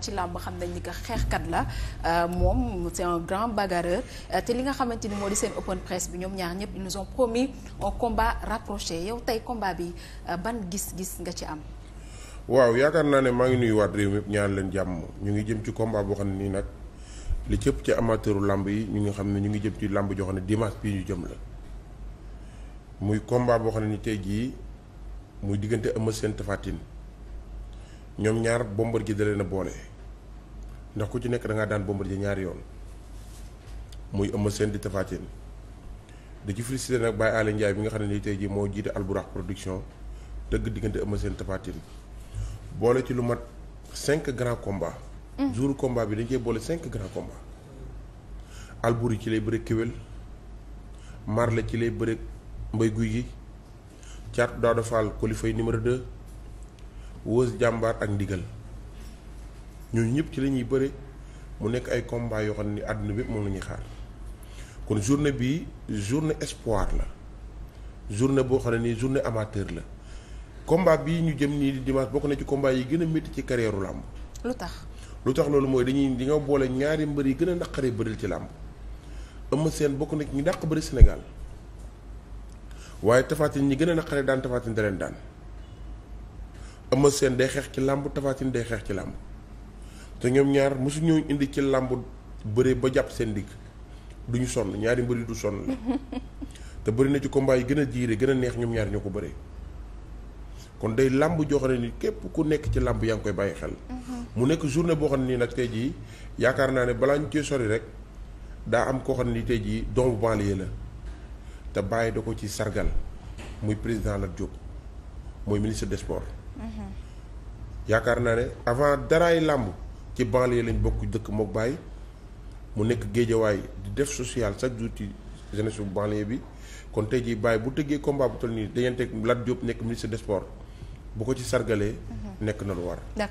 ci làmb xam nañ ni que xeexkat la euh, moom c'est un grand bagarreur euh, te li nga xamante ni moo di seen open press bi ñoom ñaar ñëpp ils nous ont promis un combat rapproché yow tey combat bi euh, ban gis-gis nga ci am. waaw yaakaar naa ne maa ngi nuyuwaat réew mi ñaan leen jàmm ñu ngi jëm ci combat boo xam ne nii nag li ci ëpp ci amateuru làmb yi ñu ngi xam ne ñu ngi jëm ci làmb joo xam ne dimanche bii ñu jëm la muy combat boo xam ne ni tey jii muy diggante Eumeu Sène Tapha ñoom ñaar Bombardier da leen a boole. ndax ku ci nekk da ngaa daan Bombardier ñaari yoon muy Eumeu Sène di Tapha Tine da ci félicité nag Baye Alé bi nga xam ne nii tey jii moo jiite Alburax production dëgg diggante Eumeu Sène Tapha Tine boole ci lu mat cinq grands combats. Mm. jour combat bi dañ cee boole cinq grands combats. Alburi ci lay bëre kéwél Marle ci lay bëre mbay guy gi Thiatou Daouda Fall Coly Faye numéro 2 Wëz jàmbaar ak ndigal. ñooñu ñëpp ci lañuy ñuy bëre mu nekk ay combat yoo xam ne àdduna bi moom la ñuy xaar kon journée bii journée espoir la journée boo xam ne nii journée amateur la combat bii ñu jëm nii dimanche bokk na ci combat yi gën a métti ci carrière làmb lu tax lu tax loolu mooy dañuy di nga boole ñaari mbër yi gën a naqaree bëril ci làmb Eumeu Sène bokk na ci ñi dàq bëri senegal waaye Tapha ñi gën a naqaree daan Tapha daleen daan Eumeu Sène day xeex ci làmb Tapha day xeex ci làmb te ñoom ñaar mosu ñoo indi ci làmb bëre ba jàpp seen dikk duñu sonn ñaari mbëri du sonn la te bëri na ci combat yi gën a jiire gën a neex ñoom ñaar ñoo ko bëree kon day làmb joo xam ne ni képp ku nekk ci làmb yaa ngi koy bàyyi xel mhm. mu nekk journée boo xam ne nii nag tey jii yaakaar naa ne balaa ñu ci sori rek daa am koo xam ne ni tey jii doomu banlieue la te bàyyi da ko ci sargal muy président Lat Diop mooy ministre des sports mhm. yaakaar naa ne avant daray làmb ci banlieue lañu bokk dëkk mook baay mu nekk géejawaay di def social chaque jour ci jeunesse bu bi kon tey jii baay bu teggee combat bu toll nii dañeen teg Lat nekk ministre des sports bu ko ci sargalee mhm. nekk na lu war